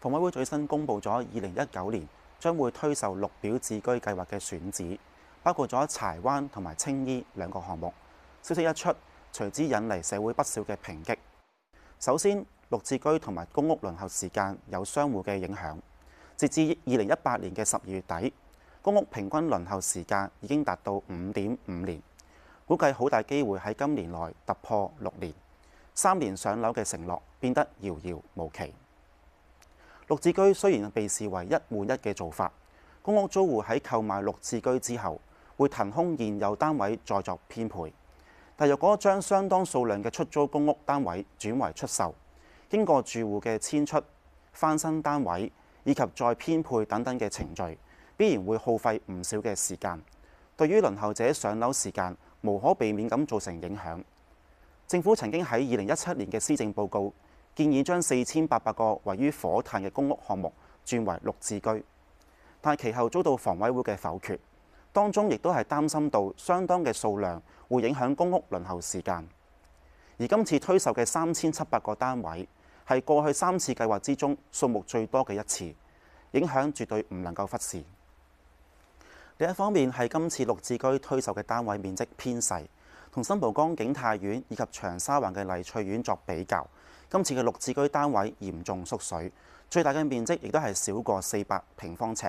房委會最新公布咗，二零一九年將會推售綠表置居計劃嘅選址，包括咗柴灣同埋青衣兩個項目。消息一出，隨之引嚟社會不少嘅抨擊。首先，綠置居同埋公屋輪候時間有相互嘅影響。截至二零一八年嘅十二月底，公屋平均輪候時間已經達到五點五年，估計好大機會喺今年內突破六年。三年上樓嘅承諾變得遙遙無期。綠置居雖然被視為一換一嘅做法，公屋租戶喺購買綠置居之後，會騰空現有單位再作編配，但若果將相當數量嘅出租公屋單位轉為出售，經過住戶嘅遷出、翻新單位以及再編配等等嘅程序，必然會耗費唔少嘅時間，對於輪候者上樓時間無可避免咁造成影響。政府曾經喺二零一七年嘅施政報告，建議將四千八百個位於火炭嘅公屋項目轉為綠置居，但其後遭到房委會嘅否決。當中亦都係擔心到相當嘅數量會影響公屋輪候時間。而今次推售嘅三千七百個單位係過去三次計劃之中數目最多嘅一次，影響絕對唔能夠忽視。另一方面係今次綠置居推售嘅單位面積偏細。同新蒲崗景泰苑以及長沙灣嘅麗翠苑作比較，今次嘅綠置居單位嚴重縮水，最大嘅面積亦都係少過四百平方尺。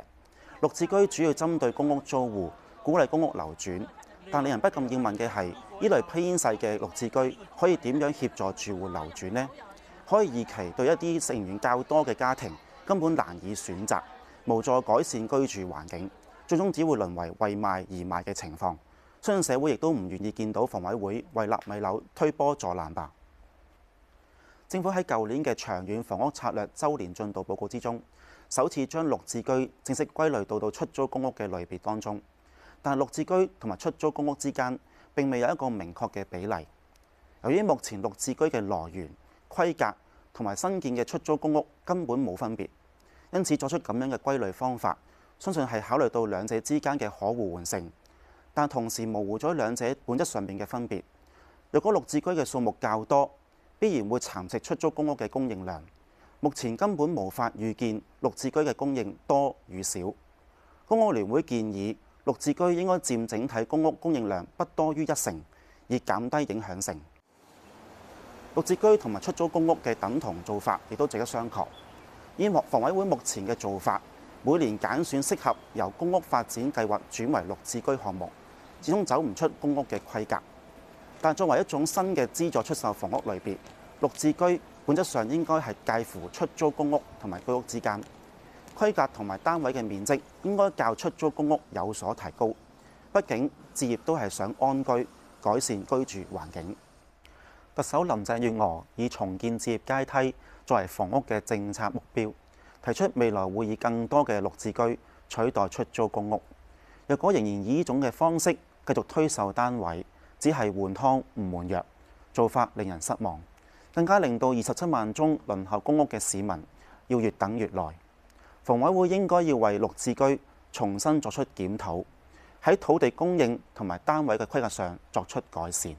綠置居主要針對公屋租戶，鼓勵公屋流轉。但令人不禁要問嘅係，依類偏煙細嘅綠置居可以點樣協助住戶流轉呢？可以預期對一啲成員較多嘅家庭根本難以選擇，無助改善居住環境，最終只會淪為為賣而賣嘅情況。相信社會亦都唔願意見到房委會為納米樓推波助瀾吧。政府喺舊年嘅長遠房屋策略週年進度報告之中，首次將綠置居正式歸類到到出租公屋嘅類別當中。但係綠置居同埋出租公屋之間並未有一個明確嘅比例。由於目前綠置居嘅來源、規格同埋新建嘅出租公屋根本冇分別，因此作出咁樣嘅歸類方法，相信係考慮到兩者之間嘅可互換性。但同時模糊咗兩者本質上面嘅分別。若果綠置居嘅數目較多，必然會蠶食出租公屋嘅供應量。目前根本無法預見綠置居嘅供應多與少。公屋聯會建議綠置居應該佔整體公屋供應量不多於一成，以減低影響性。綠置居同埋出租公屋嘅等同做法亦都值得商榷。以房委會目前嘅做法，每年揀選適合由公屋發展計劃轉為綠置居項目，始終走唔出公屋嘅規格。但作為一種新嘅資助出售房屋類別，綠置居本質上應該係介乎出租公屋同埋居屋之間，規格同埋單位嘅面積應該較出租公屋有所提高。畢竟置業都係想安居改善居住環境。特首林鄭月娥以重建置業階梯作為房屋嘅政策目標。提出未來會以更多嘅綠置居取代出租公屋，若果仍然以呢種嘅方式繼續推售單位，只係換湯唔換藥，做法令人失望，更加令到二十七萬宗輪候公屋嘅市民要越等越耐。房委會應該要為綠置居重新作出檢討，喺土地供應同埋單位嘅規格上作出改善。